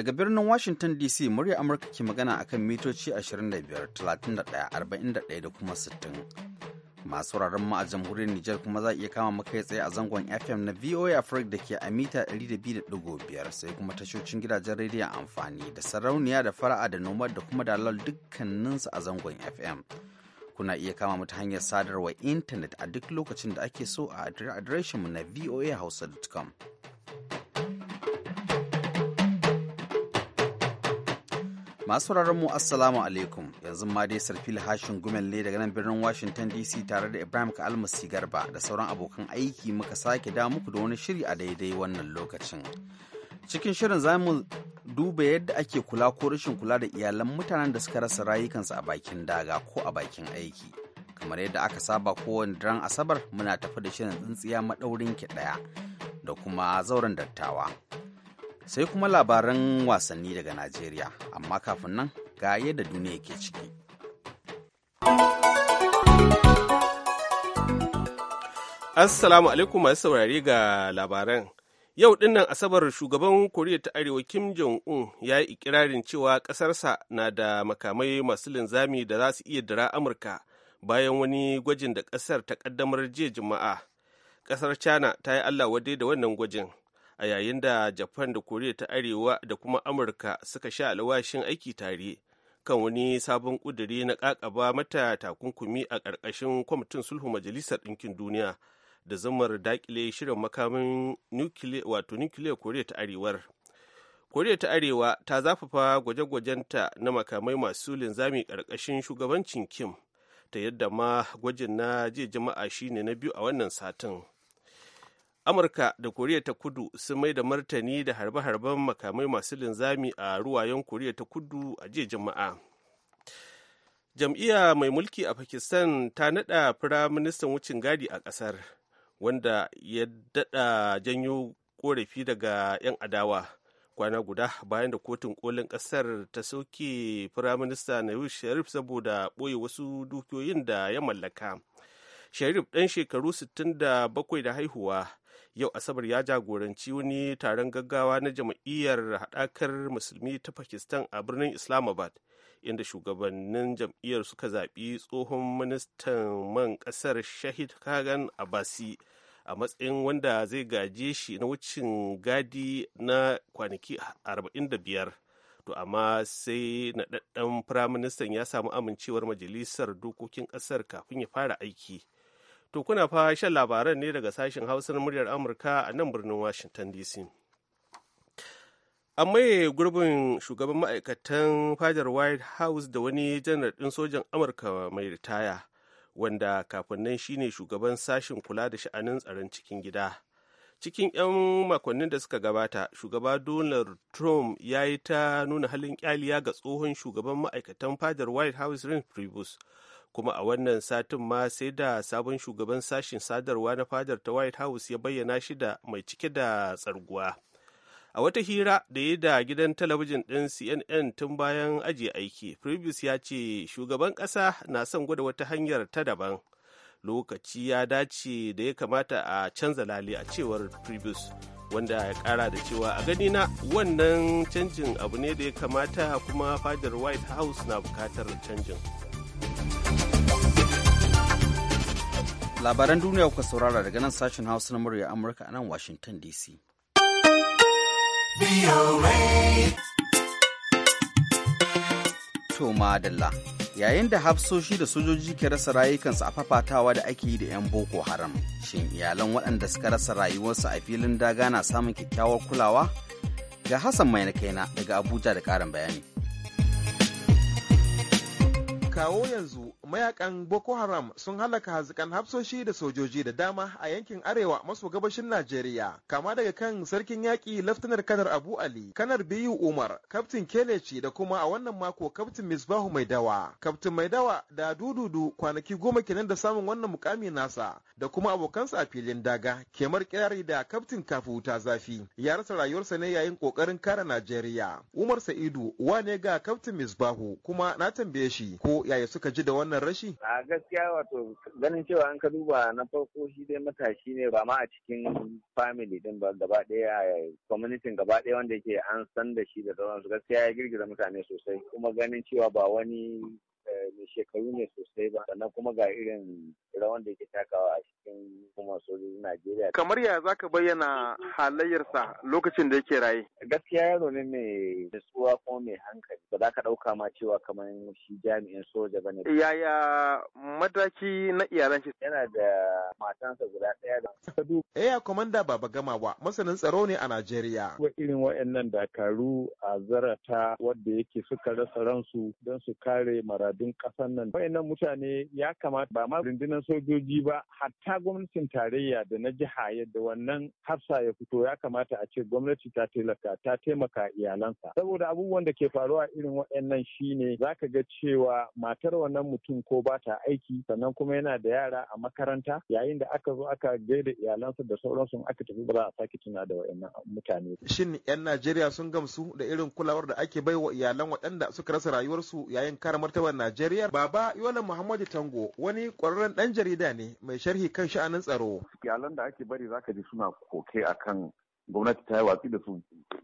Daga birnin Washington DC murya Amurka ke magana a kan mitoci 25, 31, 41 da kuma 60. Masu wuraren mu a jamhuriyar Nijar kuma za iya kama makai tsaye a zangon FM na VOA Africa da ke a mita 200.5 sai kuma tashocin gidajen rediyon amfani da sarauniya da fara'a da noma da kuma dalal dukkaninsu a zangon FM. Kuna iya kama mu hanyar sadarwa intanet a duk lokacin da ake so a adireshinmu na voahausa.com. Masu mu Assalamu alaikum yanzu ma dai sarfil hashin gumelle daga nan birnin Washington DC tare da Ibrahim Kalmasi Garba da sauran abokan aiki muka sake da muku da wani shiri a daidai wannan lokacin. Cikin shirin za mu duba yadda ake kula ko rashin kula da iyalan mutanen da suka rasa rayukansu a bakin daga ko a bakin aiki. Kamar yadda aka saba kowane daren Asabar muna tafi da shirin tsintsiya maɗaurin ki ɗaya da kuma zauren dattawa. sai kuma labaran wasanni daga Najeriya, amma kafin nan ga yadda duniya ke ciki. Assalamu alaikum masu saurari ga labaran. Yau dinnan Asabar shugaban Koriya ta Arewa Kim Jong-un ya yi ikirarin cewa ƙasarsa na da makamai masu linzami da za su iya dira Amurka bayan wani gwajin da ƙasar ta ƙaddamar jiya Juma'a. Ƙasar China ta yi Allah wadai da wannan gwajin a yayin da japan da koriya ta arewa da kuma amurka suka sha alwashin aiki tare kan wani sabon kuduri na kakaba mata takunkumi a ƙarƙashin kwamitin sulhu majalisar ɗinkin duniya da zamar dakile shirin makamin wato nukiliya koriya ta arewar koriya ta arewa ta zafafa gwaje-gwajenta na makamai masu linzami ƙarƙashin shugabancin kim ta yadda ma gwajin na jiya jama'a shine na biyu a wannan satin amurka da koriya ta kudu sun mai da martani da harbe-harben makamai masu linzami a ruwayen koriya ta kudu a jiya jama'a. jam'iyya mai mulki a pakistan ta nada firaministan wucin gadi a kasar wanda ya dada janyo korafi daga 'yan adawa kwana guda bayan da kotun kolin kasar ta soke firaminista nayush sharif saboda ɓoye wasu dukiyoyin da ya mallaka sharif ɗan shekaru 67 da haihuwa yau asabar ya jagoranci wani taron gaggawa na jam'iyyar haɗakar musulmi ta pakistan a birnin islamabad inda shugabannin jam'iyyar suka zaɓi tsohon ministan man ƙasar shahid kagan abasi a matsayin wanda zai gaje shi na wucin gadi na kwanaki 45 to amma sai naɗaɗɗen firaministan ya samu amincewar majalisar dokokin ƙasar kafin ya fara aiki. To kuna fa shan labaran ne daga sashen Hausar muryar Amurka a nan birnin Washington DC. An maye gurbin shugaban ma'aikatan fadar White House da wani janar ɗin sojan Amurka mai ritaya, wanda kafin nan shine shugaban sashen kula da sha'anin tsaron cikin gida. Cikin 'yan makonnin da suka gabata, shugaba Donald Trump ya yi ta nuna halin kyaliya ga tsohon shugaban ma'aikatan fadar White House Rin Priebus. kuma a wannan satin ma sai da sabon shugaban sashen sadarwa na fadar ta white house ya bayyana shi da mai cike da tsarguwa a wata hira da ya da gidan talabijin ɗin cnn tun bayan ajiye aiki previous ya ce shugaban ƙasa na son gwada wata hanyar ta daban lokaci ya dace da ya kamata a canza lale a cewar previous wanda ya kara da cewa a ganina wannan canjin abu ne da ya kamata kuma fadar white house na bukatar canjin. labaran duniya kuka saurara daga nan sashen hausa na murya amurka a nan washington dc to madalla yayin da hafsoshi da sojoji ke rasa rayukansu a fafatawa da ake yi da 'yan boko haram shin iyalan waɗanda suka rasa rayuwarsu a filin daga na samun kyakkyawar kulawa ga hassan mai na kaina daga abuja da ƙarin bayani kawo yanzu mayakan Boko Haram sun halaka hazikan hafsoshi da sojoji da dama a yankin arewa maso gabashin Najeriya, kama daga kan sarkin yaƙi Laftanar Kanar Abu Ali, Kanar Biyu Umar, Kaftin Keleci da kuma a wannan mako Kaftin Misbahu Maidawa. Dawa. Kaftin Mai da Dududu kwanaki goma kenan da samun wannan mukami nasa da kuma abokansa a filin daga, kemar kirari da Kaftin Kafu ta zafi. Ya rasa rayuwarsa ne yayin ƙoƙarin kare Najeriya. Umar Sa'idu wane ga Kaftin Misbahu kuma na tambaye shi ko yaya suka ji da wannan wannan rashi? A gaskiya wato ganin cewa an ka duba na farko shi dai matashi ne ba ma a cikin family din ba gaba ɗaya community gaba ɗaya wanda yake an san da shi da sauransu gaskiya ya girgiza mutane sosai kuma ganin cewa ba wani mai shekaru ne sosai ba sannan kuma ga irin rawan da ke takawa a cikin kuma sojojin Najeriya. Kamar ya za ka bayyana halayyarsa lokacin da yake raye? Gaskiya yaro ne mai nutsuwa ko mai hankali ba za ka ɗauka ma cewa kamar shi jami'in soja ba ne. Yaya mataki na iyalan shi? Yana da matansa guda ɗaya da. Eya komanda Baba gama ba. masanin tsaro ne a Najeriya. Kuma irin waɗannan dakaru a zarata wadda yake suka rasa ransu don su kare maradu muradun kasar nan wayannan mutane ya kamata ba ma rundunar sojoji ba hatta gwamnatin tarayya da na jiha yadda wannan hafsa ya fito ya kamata a ce gwamnati ta taimaka ta taimaka iyalansa saboda abubuwan da ke faruwa irin waɗannan shine zaka ga cewa matar wannan mutum ko ba ta aiki sannan kuma yana da yara a makaranta yayin da aka zo aka gaida iyalansa da sauransu aka tafi ba za a sake tuna da waɗannan mutane shin 'yan Najeriya sun gamsu da irin kulawar da ake bai wa iyalan waɗanda suka rasa rayuwarsu yayin kara martabar Najeriya Najeriya Baba Yola Muhammadu Tango wani ƙwararren ɗan jarida ne mai sharhi kan sha'anin tsaro. Iyalan da ake bari zaka ji suna koke akan gwamnati ta yi watsi da su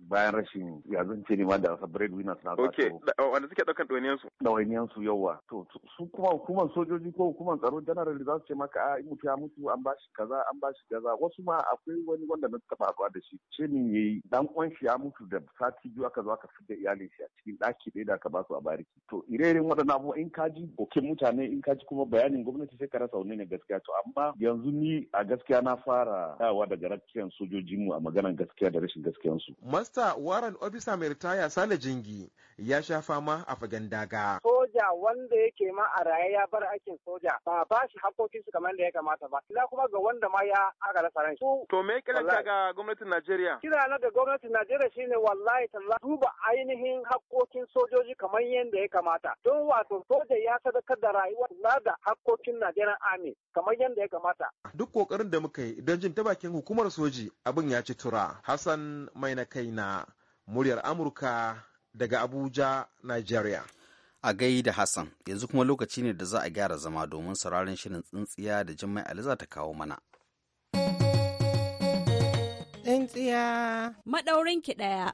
bayan rashin yanzu ce ne ma da rasa breadwinners na ok wanda suke ɗaukan ɗawainiyan su ɗawainiyan su yawa to su kuma hukumar sojoji ko hukumar tsaro general za su ce maka a mutu ya mutu an bashi kaza an bashi kaza wasu ma akwai wani wanda na taɓa haɗuwa da shi ce ne yi dan kwan shi ya mutu da sati biyu aka zo aka da iyalin shi a cikin ɗaki ɗaya da aka ba su a bariki to ire-iren waɗannan abubuwa in ka ji kokin mutane in ka ji kuma bayanin gwamnati sai ka rasa wani ne gaskiya to amma yanzu ni a gaskiya na fara dawa daga rakiyar sojojinmu a maganar gaskiya da rashin gaskiyansu. Masta Warren Obisa mai ritaya Sale Jingi ya sha fama a fagen daga. Soja wanda yake ma a raye ya bar aikin soja ba ba shi hakokin su kamar da ya kamata ba. Ila kuma ga wanda ma ya aka rasa ran shi. To me kira ga gwamnatin Najeriya? Kira na ga gwamnatin Najeriya shine wallahi talla duba ainihin hakokin sojoji kamar yadda ya kamata. Don wato soja ya sadakar da rayuwar kula da hakokin Najeriya ami kamar yadda ya kamata. Duk kokarin da muka yi don jin ta bakin hukumar soji abin ya ci tura. Hassan mai na kai na muryar Amurka daga Abuja, Nigeria. A gaida Hassan, yanzu kuma lokaci ne da za a gyara zama domin sauraron shirin tsintsiya da Jummai Aliza ta kawo mana. Tsintsiya maɗaurinki ɗaya.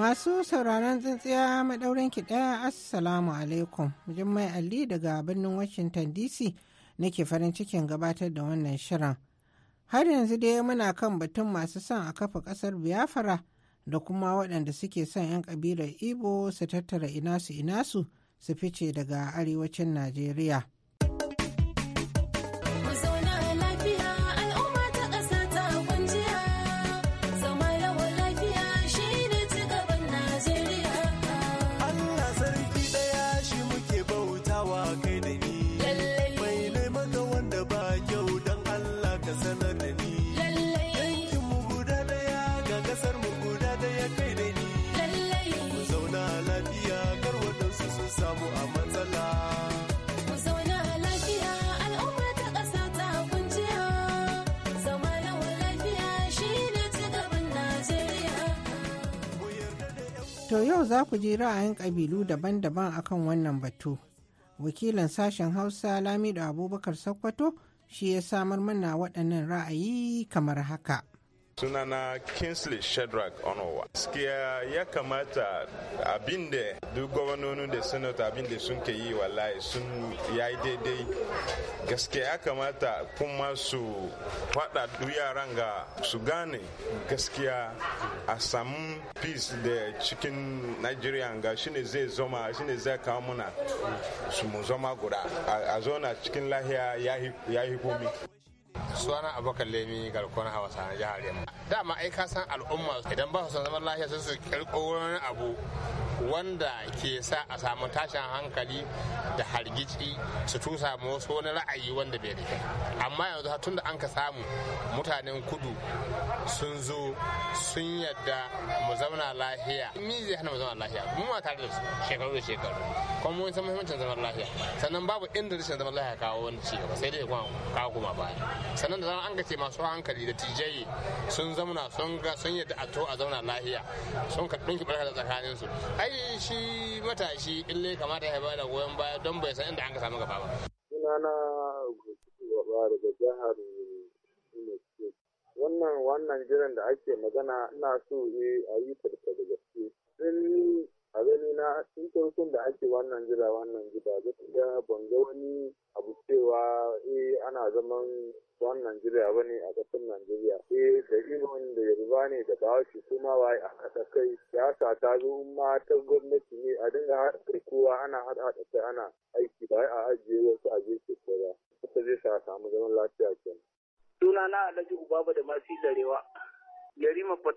Masu sauraron tsintsiya maɗaurin ki ɗaya Assalamu alaikum. Jummai Ali daga birnin Washington DC nake farin cikin gabatar da wannan shirin. Har yanzu dai muna kan batun masu son a kafa ƙasar Biafra da kuma waɗanda suke son 'yan ƙabilar Igbo su tattara inasu inasu su fice daga arewacin Najeriya. To yau za ku ji ra'ayin ƙabilu daban-daban akan wannan batu. Wakilan sashen Hausa Lamido Abubakar Sokoto shi ya samar mana waɗannan ra'ayi kamar haka. sunana Kingsley Shedrack Onowa. Gaskiya ya kamata abin da duk gwamnoni da sanata abin da sun ke yi wallahi sun yayi daidai. Gaskiya ya kamata kuma su fada yaran ga su gane gaskiya a samu peace da cikin Nigeria ga shine zai zoma shine zai kawo muna su mu zoma guda a zona cikin lahiya ya yi komi. suna abokan lemi garkon hausa na jihar yamma dama ai ka san al'umma idan ba su san zaman lafiya sai su kirko wani abu wanda ke sa a samu tashin hankali da hargitsi su tusa wasu wani ra'ayi wanda bai da amma yanzu tun da an ka samu mutanen kudu sun zo sun yadda mu zauna lahiya mi zai hana mu zauna lahiya mu ma tare da su shekaru da shekaru kuma mun san muhimmancin zaman lahiya sannan babu inda rashin zaman lahiya kawo wani ci gaba sai dai kuma kawo kuma baya sannan da zaman an ka ce masu hankali da tijayi sun zauna sun ga sun yadda a to a zauna lahiya sun ka dinki barka da tsakaninsu ai ai shi matashi in lalle kamata ya da goyon baya don bai san inda an ka samu gaba ba sunana gaba daga jihar wannan wannan jiran da ake magana ina so ne a yi ta da gaske a gani na tun farkon da ake wannan jira wannan jira gaskiya ban ga wani abu cewa eh ana zaman wannan jira ba ne a ƙasar Najeriya. Eh da Ibon da Yoruba ne da Bahaushe kuma waye a haɗa kai siyasa ta zo ma ta gwamnati ne a dinga haɗa kowa ana haɗa haɗa kai ana aiki ba a ajiye wasu a je su ba. ta zai sa samu zaman lafiya kenan. Sunana Alhaji Ubaba da Masu Darewa. Yarima Port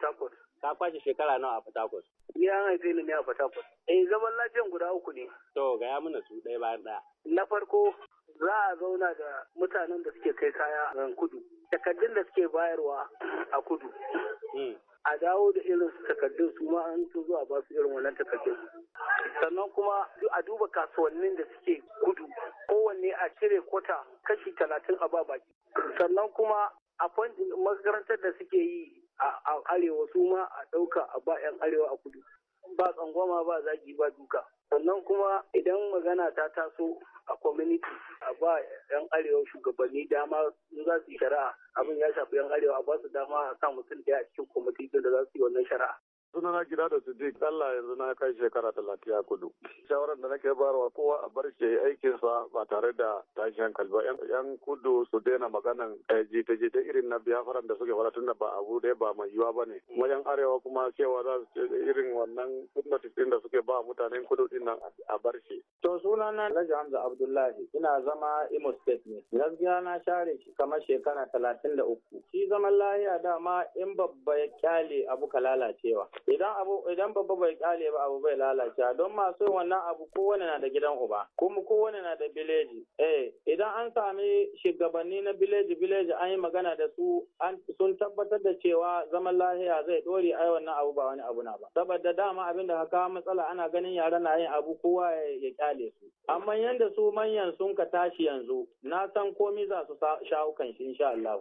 Ka kwashe shekara nawa a Port Ya haife ni ne a Port Harcourt. Eh zaman lafiyan guda uku ne. To ya mana su ɗaya bayan ɗaya. Na farko za a zauna da mutanen da suke kai kaya a kudu. Takardun da suke bayarwa a kudu. Hmm. a dawo da irin takardun su ma an su zuwa ba su irin wannan takardun sannan kuma a duba kasuwannin da suke kudu kowanne a cire kwata kashi talatin a ba baki. sannan kuma a makarantar da suke yi a arewa su ma a ɗauka a ba 'yan arewa a kudu ba tsangwama ba zagi ba duka sannan kuma idan magana ta taso a community a ba 'yan arewa shugabanni dama in za su yi shari'a abin ya shafi 'yan arewa a ba su dama a sa mutum ɗaya a cikin kwamitin da za su yi wannan shari'a sunana gida da siddiq allah yanzu na kai shekara talatin a kudu shawarar da nake bayarwa kowa a bar shi aikinsa ba tare da tashi hankali ba yan kudu su daina maganan eh, jita-jita irin na biyafaran da suke faratun da ba abu da ba mai yiwa ba ne wajen arewa kuma cewa za su ce irin wannan notice din da suke ba mutanen kudu din nan a bar shi. to sunana alhaji hamza abdullahi ina zama imo state ne gaskiya na share shi kamar shekara talatin da uku shi zaman lahiya dama in babba ya kyale abu ka lalacewa idan abu idan babba bai kyale ba abu bai lalace don masu wannan abu kowane na da gidan uba kuma kowane na da bileji eh idan an sami shugabanni na bileji bileji an yi magana da su an sun tabbatar da cewa zaman lahiya zai dore ai wannan abu ba wani abu na ba saboda dama abin da haka matsala ana ganin yara na yin abu kowa ya kyale su amma yanda su manyan sun ka tashi yanzu na san komi za su sha kan shi insha Allah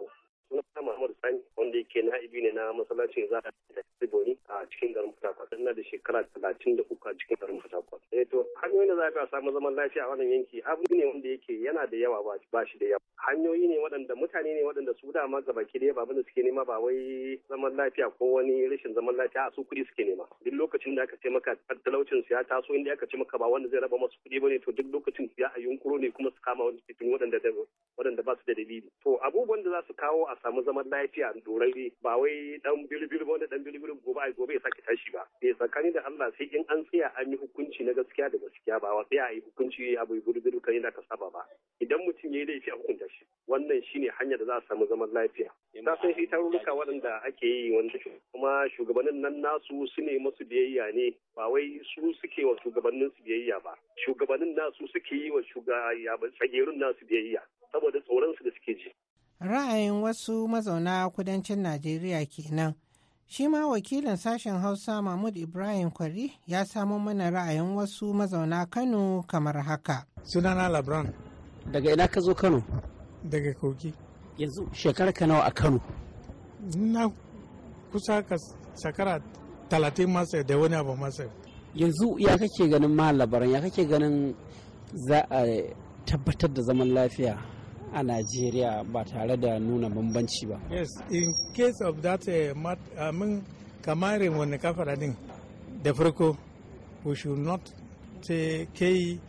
sunana Muhammad Sani wanda yake na'ibi ne na masallacin za da Siboni a cikin garin Fatakwal. Ina da shekara talatin da uku a cikin garin Fatakwal. Eh to hanyoyin da za a samu zaman lafiya a wannan yanki abu ne wanda yake yana da yawa ba shi da yawa. Hanyoyi ne waɗanda mutane ne waɗanda su dama ga baki da ba da suke nema ba wai zaman lafiya ko wani rashin zaman lafiya a su kudi suke nema. Duk lokacin da aka ce maka talaucin su ya taso inda aka ce maka ba wanda zai raba masu kudi ba ne to duk lokacin ya a yunkuro ne kuma su kama wani fitin waɗanda ba su da dalili. To abubuwan da za su kawo a samu zaman lafiya dorarre ba wai dan bilbil dan bilbil gobe ai gobe ya sake tashi ba eh tsakani da Allah sai in an tsaya an yi hukunci na gaskiya da gaskiya ba wai tsaya yi hukunci abu bilbil kan yana ka saba ba idan mutum ya yi laifi a hukunta shi wannan shine hanyar da za a samu zaman lafiya ta san shi tarurruka waɗanda ake yi wanda kuma shugabannin nan nasu su ne masu biyayya ne ba wai su suke wa shugabannin su biyayya ba shugabannin nasu suke yi wa shugabannin nasu biyayya saboda tsoron su da suke ji Ra'ayin wasu mazauna kudancin Najeriya kenan. Shi ma wakilin sashen Hausa Mahmud Ibrahim Kwari ya samo mana ra'ayin wasu mazauna Kano kamar haka. Sunana Labran. Daga ina ka zo Kano? Daga Kogi. Yanzu shekarar ka nawa a Kano? Na kusa ka shekara talatin masa da wani abu masa. Yanzu ya kake ganin ma labaran ya kake ganin za a eh, tabbatar da zaman lafiya a Najeriya ba tare da nuna bambanci ba. Yes, in case of that uh, mat, I mean, kamarin wani kafara din da farko we should not take kai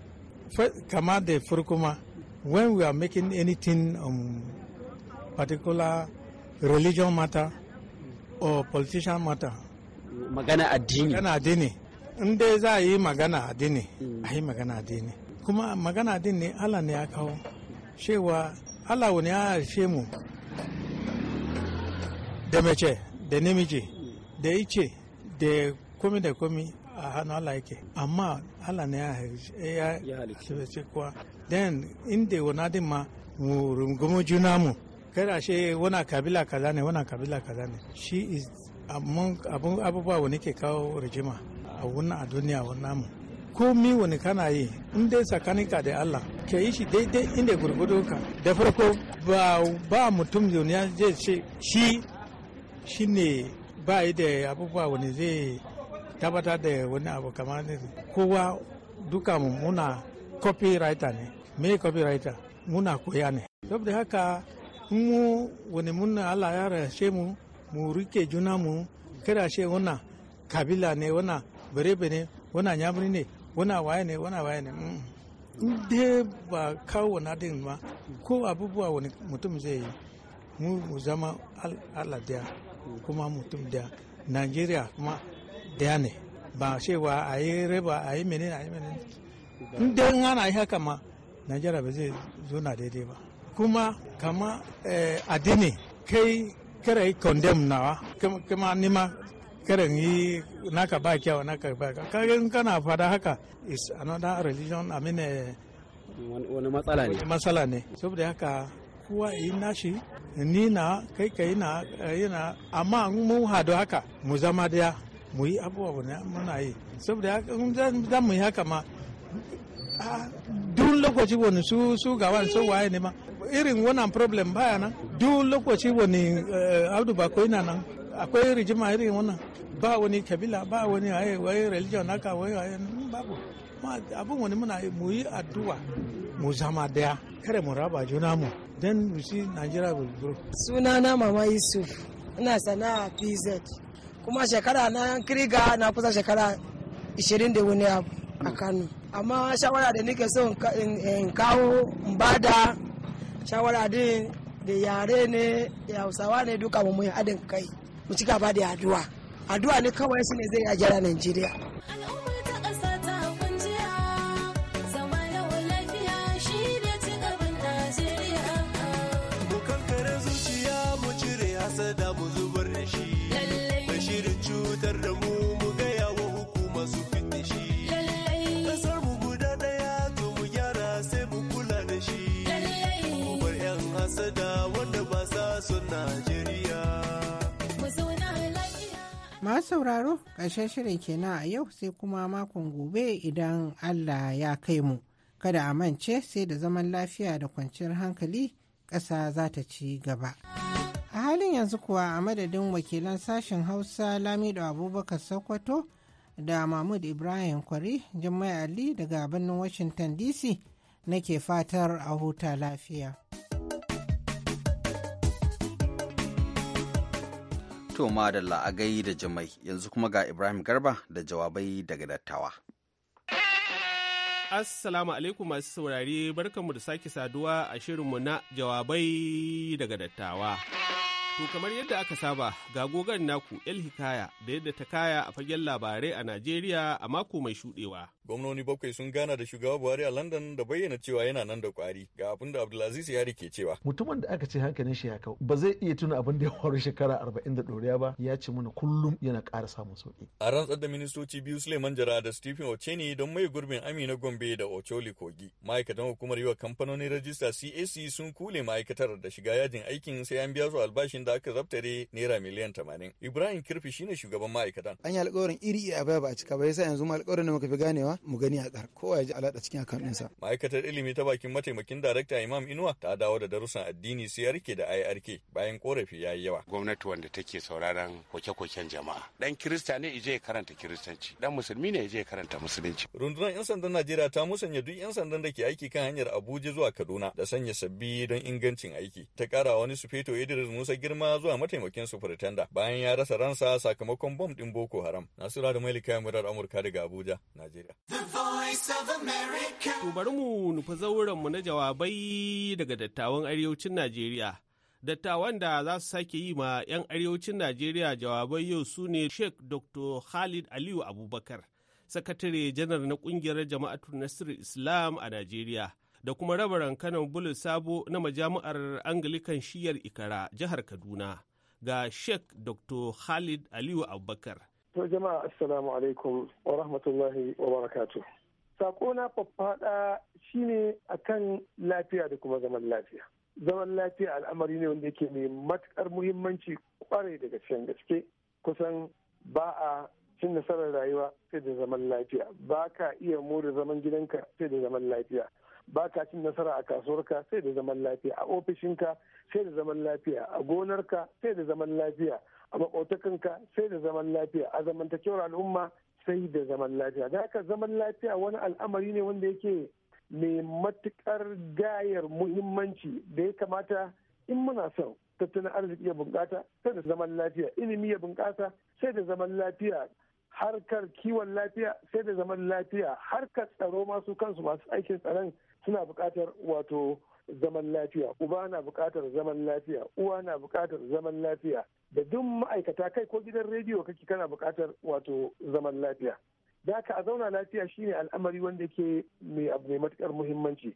kama da farko ma when we are making anything on um, particular religion matter or politician matter. Magana addini. Magana addini. Inde za a yi magana addini, a yi magana addini. Kuma magana addini Allah ne ya kawo. cewa Allah wani ya harshe mu da mace da namiji da ice da komi da komi a hannun Allah yake amma Allah ne ya harshe kuwa den inda wani din ma mu rungumo juna mu kada shi wana kabila kaza ne wana kabila kaza ne shi is abun abubuwa wani ke kawo rijima a wannan a duniya wannan mu komi wani kana yi in dai tsakaninka da Allah ka yi shi daidai inda ka da farko ba ba mutum ya zai ce shi shi ne ba yi da abubuwa wani zai tabbatar da wani abu kamar kowa duka muna copywriter ne me copywriter muna koya ne saboda haka mu wani muna Allah ya rashe mu mu rike juna mu kira shi wannan kabila ne wannan berebe ne wannan yamuri ne wana waye ne wana waye ne mm. in dai ba kawo na din ba ko abubuwa wani mutum zai yi mu zama Allah daya kuma mutum daya nigeria kuma daya ne ba cewa a yi reba a yi menene a yi menene in dai ana yi haka ma nigeria ba zai zo na daidai ba kuma kama eh, addini kai kare condemn nawa kama nima karin yi naka ba kyawa naka ba ka kagan kana fada haka is another religion I mean eh, wani matsala ne matsala ne saboda haka kowa yi nashi ni na kai ka yi na amma mun hado haka mu zama daya mu yi abubuwa ne muna yi saboda haka mun za mu yi haka ma duk lokaci wani su su ga wani so waye ne ma irin wannan problem baya nan duk lokaci wani eh, abdu ba nan akwai rijima irin wannan ba wani kabila ba wani waye religion haka waye waye babu abin wani muna mu yi addu'a mu zama daya kare mu raba juna mu dan mu shi Najeriya will grow na mama Yusuf ina sana'a PZ kuma shekara na kiriga na kusa shekara 20 da wani abu a Kano amma shawara da nake so in kawo in bada shawara din da yare ne ya Hausawa ne duka mu yi adin kai mu ci gaba da addu'a addu'a ne kawai su ne zai a jira Najeriya. Ma sauraro ƙarshen shirin kenan a yau sai kuma makon gobe idan Allah ya kai mu. Kada a mance sai da zaman lafiya da kwanciyar hankali ƙasa za ta ci gaba. A halin yanzu kuwa a madadin wakilan sashen Hausa Lamido Abubakar Sokoto da Mahmud Ibrahim Kwari Jummai Ali daga birnin Washington DC nake fatar a huta lafiya. To da la'agai da jimai yanzu kuma ga Ibrahim Garba da jawabai daga dattawa. Assalamu alaikum masu saurare barkanmu da sake saduwa a shirinmu na jawabai daga dattawa. To kamar yadda aka saba ga gogon naku El Hikaya da yadda ta kaya a fagen labarai a Najeriya a mako mai shudewa. Gwamnoni bakwai sun gana da shugaba Buhari a London da bayyana cewa yana nan da kwari ga abin da Abdulaziz Yari ke cewa. Mutumin da aka ce hankalin shi ya kau ba zai iya tuna abin da ya faru shekara arba'in da ɗoriya ba ya ce mana kullum yana ƙara samun sauƙi. A rantsar da ministoci biyu Suleiman Jara da Stephen Ocheni don mai gurbin Amina Gombe da Ocholi Kogi. Ma'aikatan hukumar yiwa kamfanonin rajista CAC sun kule ma'aikatar da shiga yajin aikin sai an biya su albashin da aka zabtare naira miliyan tamanin. Ibrahim Kirfi shine shugaban ma'aikatan. An yi alƙawarin iri a baya ba a cika ba yasa yanzu ma alƙawarin da muka fi ganewa mu gani a tsar kowa ya ji alaɗa cikin akan sa. Ma'aikatar ilimi ta bakin mataimakin darakta Imam Inuwa ta dawo da darussan addini CRK da IRK bayan korafi ya yi yawa. Gwamnati wanda take sauraron koke-koken jama'a. Dan Kirista ne ije karanta Kiristanci, dan Musulmi ne ije karanta Musulunci. Rundunar 'yan sandan Najeriya ta musanya duk 'yan sandan da ke aiki kan hanyar Abuja zuwa Kaduna da sanya sabbi don ingancin aiki. Ta kara wani sufeto Idris Musa Girma girma zuwa mataimakin sufuritanda bayan ya rasa ransa sakamakon bom ɗin Boko Haram. Nasura da Malika murar Amurka daga Abuja, Najeriya. To bari mu nufa zauren mu na jawabai daga dattawan arewacin Najeriya. Dattawan da za su sake yi ma 'yan arewacin Najeriya jawabai yau su ne Sheikh Dr. Khalid Aliyu Abubakar, sakatare janar na kungiyar jama'atu Nasir Islam a Najeriya. da kuma raba rankanan bulus sabo na majami'ar anglikan shiyar ikara jihar kaduna ga sheikh dr khalid aliyu abubakar to jama'a assalamu alaikum wa rahmatullahi wa barakatu sako na faffaɗa shine akan lafiya da kuma zaman lafiya zaman lafiya al'amari ne wanda yake mai matukar muhimmanci kwarai daga cikin gaske kusan ba a cin nasarar rayuwa sai da zaman lafiya ba ka iya more zaman gidanka sai da zaman lafiya ba ka cin nasara a kasuwarka sai da zaman lafiya a ofishinka sai da zaman lafiya a gonarka sai da zaman lafiya a makwabtakanka sai da zaman lafiya a zamantakewar al'umma sai da zaman lafiya da haka zaman lafiya wani al'amari ne wanda yake mai matuƙar gayar muhimmanci da ya kamata in muna son tattalin arziki ya bunƙasa sai da zaman lafiya ilimi ya bunƙasa sai da zaman lafiya harkar kiwon lafiya sai da zaman lafiya harkar tsaro masu kansu masu aikin tsaron suna buƙatar wato zaman lafiya uba na buƙatar zaman lafiya uwa na buƙatar zaman lafiya da duk ma'aikata kai ko gidan rediyo kake kana buƙatar wato zaman lafiya da ka a zauna lafiya shine al'amari wanda ke mai abu mai matukar muhimmanci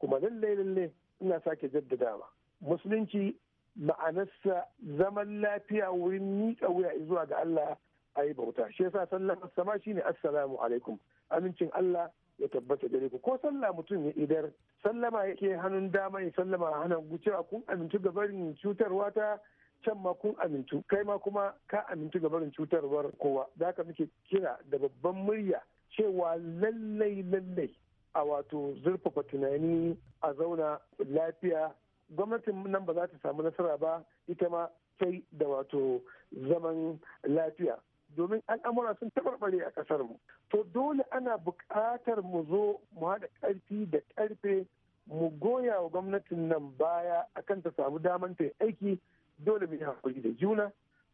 kuma lallai lallai ina sake jaddadawa musulunci ma'anarsa zaman lafiya wurin miƙa wuya zuwa ga Allah a bauta shi yasa sallar sama shine assalamu alaikum amincin Allah ya tabbata gare ku ko sallah mutum ya idar sallama yake hannun dama ya sallama hannun gucewa kun amintu barin cutarwa ta can ma kun amintu kai ma kuma ka amintu barin cutarwar kowa da haka muke kira da babban murya cewa lallai lallai a wato zurfafa tunani a zauna lafiya gwamnatin nan ba za ta samu nasara ba ita ma sai da wato zaman lafiya domin al'amura sun taɓarɓare a ƙasar mu to dole ana buƙatar mu zo mu haɗa ƙarfi da ƙarfe mu goya wa gwamnatin nan baya akan ta samu daman ta aiki dole mu yi hakuri da juna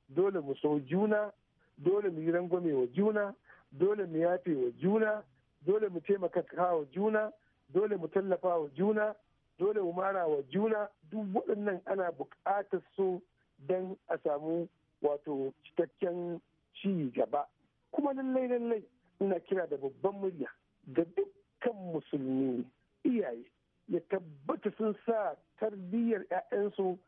dole mu so juna dole mu yi rangwame wa juna dole mu yafe wa juna dole mu taimaka wa juna dole mu tallafa wa juna dole mu mara wa juna duk waɗannan ana buƙatar su don a samu wato cikakken ci gaba kuma lallai lallai ina kira da babban murya ga dukkan musulmi iyaye ya tabbata sun sa tarbiyyar 'ya'yansu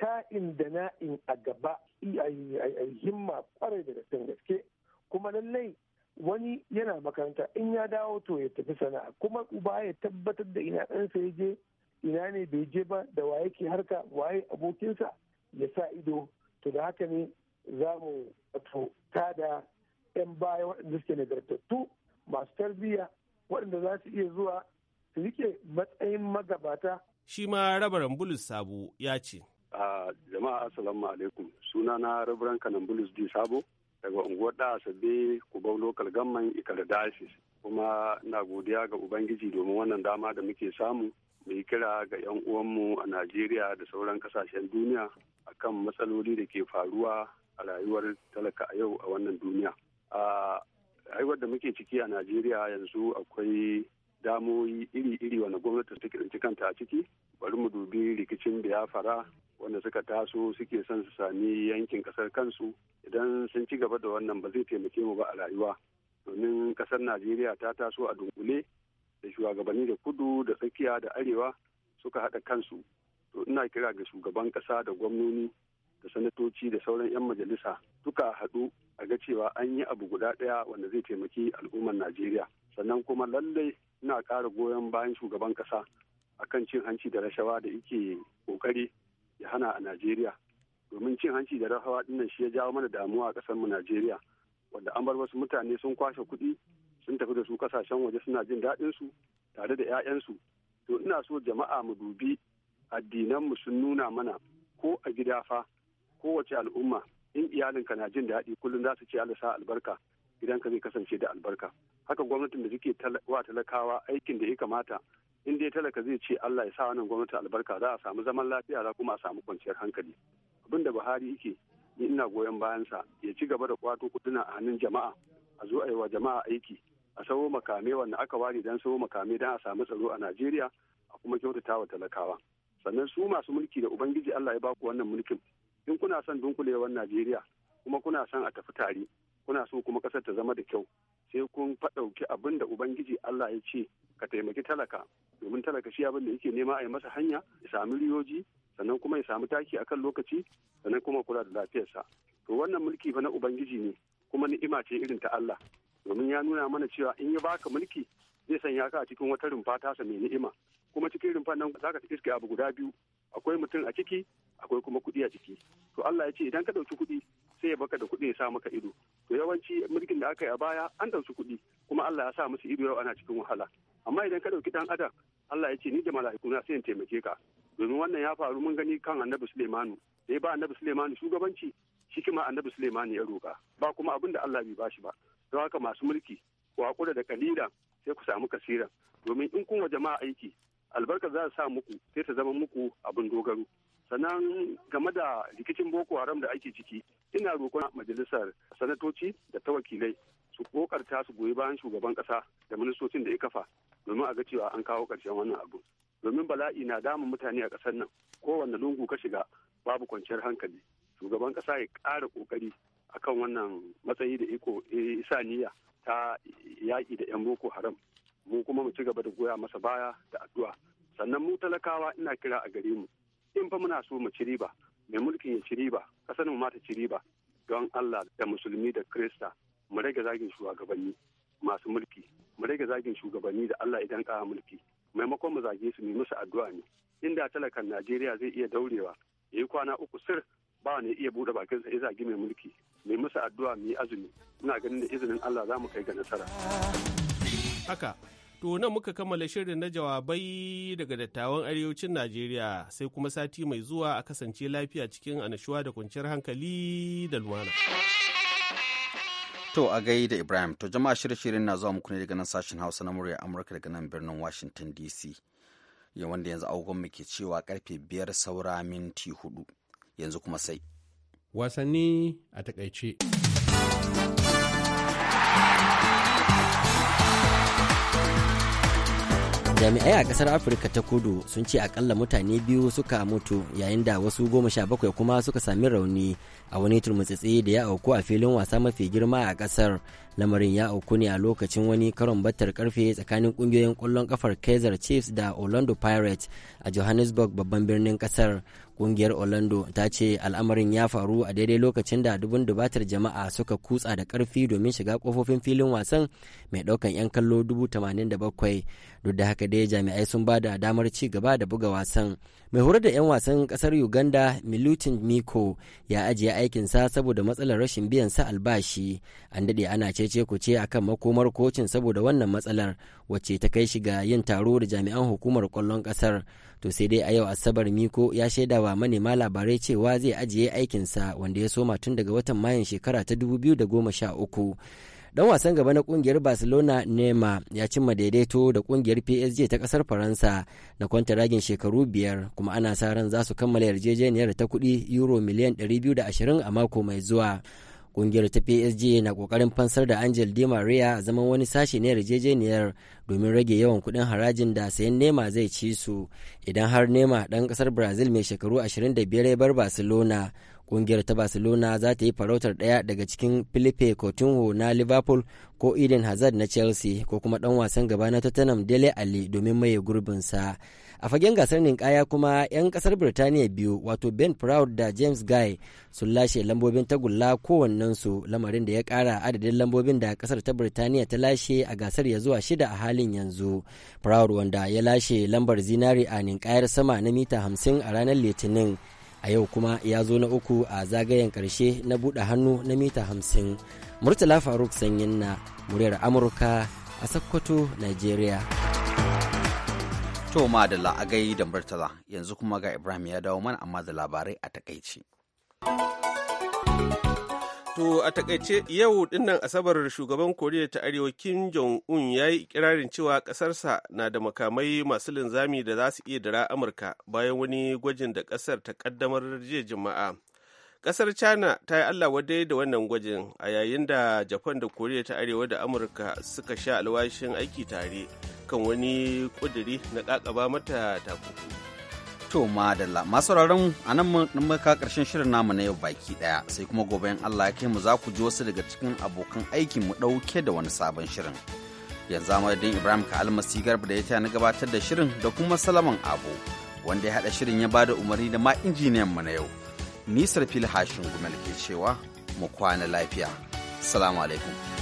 ka'in da na'in a gaba himma kwarai da gaske gaske kuma lallai wani yana makaranta in ya dawo to ya tafi sana'a kuma uba ya tabbatar da ina ɗansa ya je ina ne bai je ba da waye ke harka waye abokinsa ya sa ido to da haka ne za mu tada 'yan baya waɗanda suke nagartattu masu tarbiyya waɗanda za su iya zuwa su rike matsayin magabata. Shi ma rabaran Bulus Sabo ya ce. A jama'a assalamu alaikum suna na rabaran kanan Bulus Di Sabo daga unguwar da Asabe bau Lokal Gamman Ikara Diocese kuma na godiya ga Ubangiji domin wannan dama da muke samu mu yi kira ga 'yan uwanmu a Najeriya da sauran kasashen duniya akan matsaloli da ke faruwa a rayuwar talaka a yau a wannan duniya a rayuwar da muke ciki a najeriya yanzu akwai damoyi iri-iri wanda gwamnati take tsinci kanta a ciki bari mu dubi rikicin biyafara wanda suka taso suke son su sami yankin ƙasar kansu idan sun ci gaba da wannan ba zai taimake mu ba a rayuwa domin ƙasar najeriya ta taso a dunkule da shugabanni da kudu da tsakiya da arewa suka haɗa kansu to ina kira ga shugaban ƙasa da gwamnoni da sanatoci da sauran 'yan majalisa duka haɗu a ga cewa an yi abu guda ɗaya wanda zai taimaki al'ummar najeriya sannan kuma lallai ina ƙara goyon bayan shugaban ƙasa a kan cin hanci da rashawa da yake ƙoƙari ya hana a najeriya domin cin hanci da rashawa dinnan shi ya jawo mana damuwa a ƙasar mu najeriya wanda an bar wasu mutane sun kwashe kuɗi sun tafi da su ƙasashen waje suna jin daɗin su tare da 'ya'yansu to ina so jama'a mu dubi addinan mu sun nuna mana ko a gida fa kowace al'umma in iyalinka na jin daɗi kullum za su ce Allah sa albarka ka zai kasance da albarka haka gwamnatin da suke wa talakawa aikin da ya kamata in dai talaka zai ce Allah ya sa wannan gwamnati albarka za a samu zaman lafiya za kuma a samu kwanciyar hankali abin da Buhari yake ni ina goyon bayansa ya ci gaba da kwato kuduna a hannun jama'a a zo a yi wa jama'a aiki a sawo makame wanda aka ware don sawo makame dan a samu tsaro a Najeriya a kuma kyautata wa talakawa sannan su masu mulki da ubangiji Allah ya baku wannan mulkin in kuna son dunkulewar najeriya kuma kuna son a tafi tare kuna so kuma kasar ta zama da kyau sai kun faɗauki abin da ubangiji allah ya ce ka taimaki talaka domin talaka shi abin da yake nema a yi masa hanya ya sami riyoji sannan kuma ya sami taki a kan lokaci sannan kuma kula da lafiyarsa to wannan mulki fa na ubangiji ne kuma ni'ima ce irin ta Allah domin ya nuna mana cewa in ya baka mulki zai sanya ka a cikin wata rumfa tasa mai ni'ima kuma cikin rumfan nan za ka iske abu guda biyu akwai mutum a ciki akwai kuma kuɗi a ciki to Allah ya ce idan ka ɗauki kuɗi sai ya baka da kuɗi ya sa maka ido to yawanci mulkin da aka yi a baya an ɗauki kuɗi kuma Allah ya sa musu ido yau ana cikin wahala amma idan ka ɗauki ɗan adam Allah ya ce ni da mala'ikuna sai in taimake ka domin wannan ya faru mun gani kan annabi Suleimanu da ya ba annabi Sulaimanu shugabanci shi kuma annabi Sulaimanu ya roƙa ba kuma abin da Allah bai bashi ba don haka masu mulki ku haƙura da kalila sai ku samu kasira domin in kun wa jama'a aiki albarka za sa muku sai ta zama muku abin dogaro sannan game da rikicin boko haram da ake ciki ina roƙon majalisar sanatoci da ta wakilai su kokarta su goyi bayan shugaban ƙasa da ministocin da ya kafa domin a ga cewa an kawo ƙarshen wannan abu domin bala'i na damun mutane a ƙasar nan kowane lungu ka shiga babu kwanciyar hankali shugaban ƙasa ya ƙara ƙoƙari akan wannan matsayi da iko isa ta yaƙi da 'yan boko haram mu kuma mu ci gaba da goya masa baya da addu'a sannan mu talakawa ina kira a gare mu in fa muna so mu ci riba mai mulkin ya ci riba kasar mu mata ta ci riba don Allah da musulmi da krista mu rage zagin shugabanni masu mulki mu rage zagin shugabanni da Allah idan ka mulki maimakon mu zage su mu musu addu'a ne inda talakan Najeriya zai iya daurewa yayi kwana uku sir ba ne iya bude bakin sa ya zagi mai mulki mai musu addu'a mu yi azumi muna ganin da izinin Allah za mu kai ga nasara Haka, to nan muka kammala shirin na jawabai daga dattawan arewacin Najeriya sai kuma sati mai zuwa a kasance lafiya cikin anashuwa da kwanciyar hankali da luwana. To a gai da Ibrahim, to jama'a shirye-shiryen na zuwa muku ne daga nan sashen Hausa na murya Amurka daga nan birnin Washington DC. wanda yanzu mu ke cewa karfe biyar saura minti hudu yanzu kuma sai. Wasanni a takaice. jami'ai a kasar afirka ta kudu sun ce akalla mutane biyu suka mutu yayin da wasu goma sha bakwai kuma suka sami rauni a wani turmutsitsi da ya auku a filin wasa mafi girma a kasar lamarin ya auku ne a lokacin wani karon battar karfe tsakanin kungiyoyin kwallon kafar kaiser chiefs da orlando pirates a johannesburg babban birnin kasar kungiyar orlando ta ce al'amarin ya faru a daidai lokacin da dubun dubatar jama'a suka kutsa da karfi domin shiga kofofin filin wasan mai daukan 'yan kallo 87 duk da haka dai jami'ai sun ba da damar ci gaba da buga wasan mai horar da 'yan wasan kasar uganda milutin miko ya ajiye aikinsa saboda matsalar rashin biyan sa albashi an daɗe ana ce ku ce akan makomar kocin saboda wannan matsalar wacce ta kai shi ga yin taro da jami'an hukumar kwallon kasar to sai dai a yau asabar miko ya shaida wa manema labarai cewa zai ajiye aikinsa wanda ya soma tun daga watan mayan shekara ta 2013 dan wasan gaba na kungiyar barcelona nema ya cimma daidaito da kungiyar psg ta kasar faransa na kwanta ragin shekaru biyar kuma ana sa ran za su kammala yarjejeniyar ta kudi euro miliyan 220 a mako mai zuwa kungiyar ta PSG na kokarin fansar da Angel Di Maria a zaman wani sashe na yarjejeniyar domin rage yawan kudin harajin da sayan Nema zai ci su idan har Nema dan kasar Brazil mai shekaru 25 ya bar Barcelona Ƙungiyar ta Barcelona za ta yi farautar ɗaya daga cikin Filipe Coutinho na Liverpool ko Eden Hazard na Chelsea ko kuma ɗan wasan gaba na Tottenham Dele Ali domin maye gurbinsa. A fagen gasar ninkaya kuma 'yan kasar Birtaniya biyu wato Ben Proud da James Guy sun lashe lambobin tagulla kowannensu lamarin da ya kara adadin lambobin da kasar ta Birtaniya ta lashe a gasar ya zuwa shida a halin yanzu. Proud wanda ya lashe lambar zinari a ninkayar sama na mita 50 a ranar Litinin a yau kuma ya zo na uku a zagayen karshe na buɗe hannu na mita hamsin murtala faruk sanyin na muryar amurka a sakkwato nigeria to madalla a gai da murtala yanzu kuma ga ibrahim ya dawo mana amma da labarai a takaici To a takaice yau dinnan asabar shugaban Koriya ta Arewa Kim Jong-un ya yi ikirarin cewa ƙasarsa na da makamai masu linzami da za su iya dara Amurka bayan wani gwajin da ƙasar ta ƙaddamar jiya Juma'a. Ƙasar China ta yi Allah wadai da wannan gwajin a yayin da Japan da Koriya ta Arewa da Amurka suka sha alwashin aiki tare kan wani ƙuduri na ƙaƙaba mata takunkumi. To madalla masu sauraron a nan muka karshen shirin namu na yau baki daya sai kuma gobe in Allah ya kai mu za ku ji wasu daga cikin abokan aikin mu dauke da wani sabon shirin. Yanzu amadadin Ibrahim ka almasi garba da ya taya na gabatar da shirin da kuma Salaman Abu wanda ya haɗa shirin ya bada umarni da ma injiniyan mu na yau. Nisar fil hashin gumel ke cewa mu kwana lafiya. Salamu alaikum.